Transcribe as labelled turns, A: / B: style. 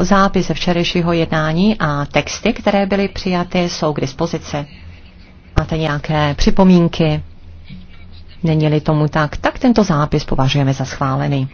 A: Zápis včerejšího jednání a texty, které byly přijaty, jsou k dispozici. Máte nějaké připomínky? Není-li tomu tak, tak tento zápis považujeme za schválený.